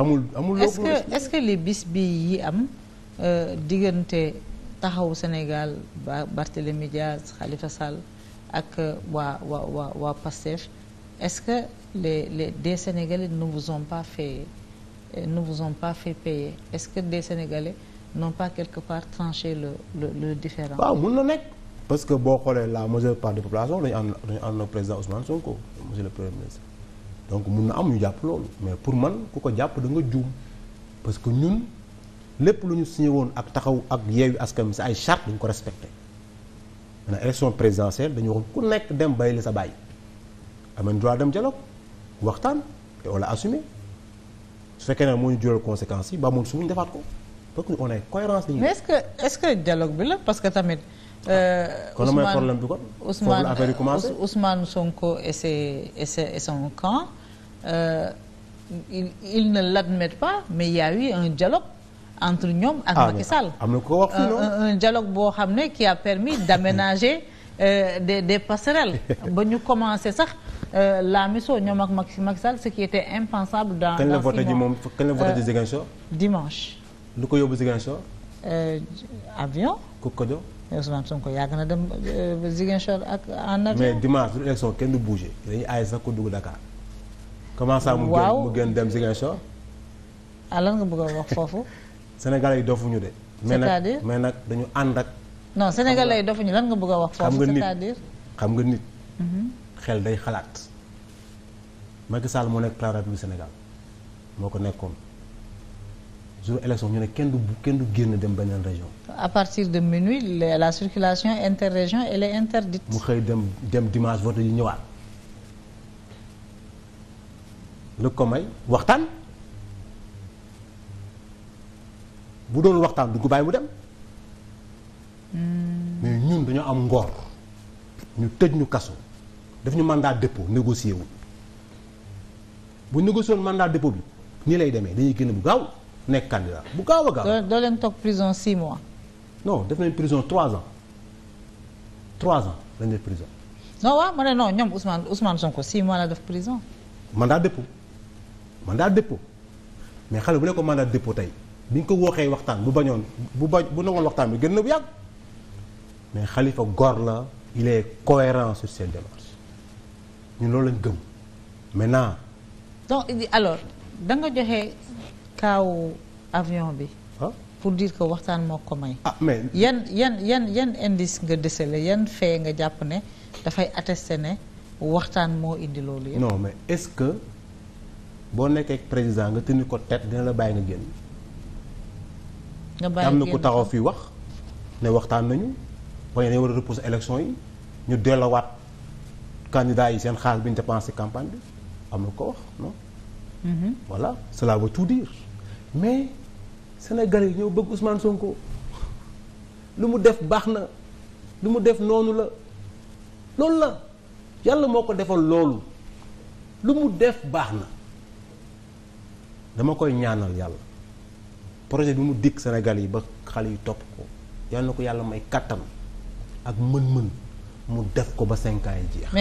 amul amul est-ce est-ce que li bis bi yi am euh, diggante taxawu Sénégal ba Barthélémy Diaz Khalifa Sall ak euh, waa waa waa waa Pastef est-ce que les les des Sénégalais ne vous ont pas fait euh, ne vous est-ce que des Sénégalais n'ont pas quelque part tranché le le le différend. waaw mun na nekk parce que boo xoolee la majeure part de population dañu ànd dañu ànd président Ousmane Sonko monsieur le premier ministre. donc mun na am ñu jàpp loolu mais pour man ku ko jàpp da nga juum parce que ñun lépp lu ñu signé woon ak taxaw ak yeewi askan wi si ay charte dañ ko respecté maanaam élection présidentielle dañu waxoon ku nekk dem bay la sa bàyyi amen droit dem dialogue waxtaan te on l'a assumé su fekkee ne moo ñu jural conséquences yi ba mun su ñu defaat ko parce que on a cohérence dañuy. mais est-ce que est-ce que dialogue bi la parce que tamit. Ah. Euh, kon la mooy problème bi kon. foofu la affaire yi commencé Ousmane Sonko et ses et ses et son camp. euh, ils ils ne l'admettent pas y a eu un dialogue entre ñoom ak ah, Macky am na ko wax fii noonu un dialogue boo xam ne qui a permis d'aménager euh, des des passerelles ba ñu commencé sax euh, la mission ñoom ak Macky Macky Sall ce qui était impensable dans kañ la voté ji moom kañ la voté ji euh, Ziguinchor dimanche lu ko yóbbu Ziguinchor euh, avion ku ko jox Ousmane Sonko yàgg na dem Ziguinchor ak en avion mais dimanche lu élection kenn du bougé dañuy aay sax ko Dakar comment ça mu génn mu génn dem Ziguinchor. ah lan nga bëgg wax foofu. Sénégal yi dofuñu de. c'est-à-dire mais nag dañu ànd ak. non Sénégal yi dofuñu lan nga bëgg wax foofu c'est-à-dire xam nga nit mhm. xel day xalaat. Macky Sall moo nekk plan République Sénégal moo ko nekkoon. jour élection ñu ne kenn du kenn du génn dem beneen région. à partir de minuit la circulation interrégion et est interdite. mu xëy dem dem dimanche vote yi ñëwaat. lu ko may waxtaan bu doon waxtaan dugg bàyyi mu dem hmm. mais ñun dañoo am ngor ñu tëj ñu kaso daf ñu mandat dépôt négocié wu bu négocié woon mandat dépôt bi nii lay demee dañuy génn bu gaaw nekk candidat bu gaaw a gaaw. doo leen toog prison 6 mois. non def nañ prison 3 ans 3 ans lañ def prison. non waaw ma ne non ñoom Ousmane Ousmane Sonko 6 mois la def prison. mandat dépôt. daal déppo mais xale bu ne ko mandat dépôt tey bi ñu ko wooxee waxtaan bu bañoon bu bañ bu nangoon waxtaan bi gën na bu yàgg mais Khalifa góor la il est cohérent sur ses démarches ñun loolu lañ gëm maintenant. donc alors da nga joxe kaawu avion bi. pour diir ko waxtaan moo ko ah, yan yan yan yan indice nga décelé yan fee nga jàpp ne dafay attester ne waxtaan moo indi loolu yëpp. non mais est-ce que. boo nekkee président nga tenir ko tête dina la bàyyi nga génn. nga bàyyi am na ku taxaw fii wax ne waxtaan nañu waaye dañu war a repousser élection yi ñu delluwaat candidats yi seen xaalis bi ñu dépensé campagne bi am na ko wax non. Mm-hmm. voilà cela veut tout dire mais Sénégalais yi ñoo bëgg Ousmane Sonko lu mu def baax na lu mu def noonu la loolu la yàlla moo ko defal loolu lu mu def baax na. dama koy ñaanal yàlla projet bi mu dikk Sénégal yi ba xale yi topp ko yal na ko yàlla may kàttan ak mën-mën mu def ko ba cinq ans yi jeex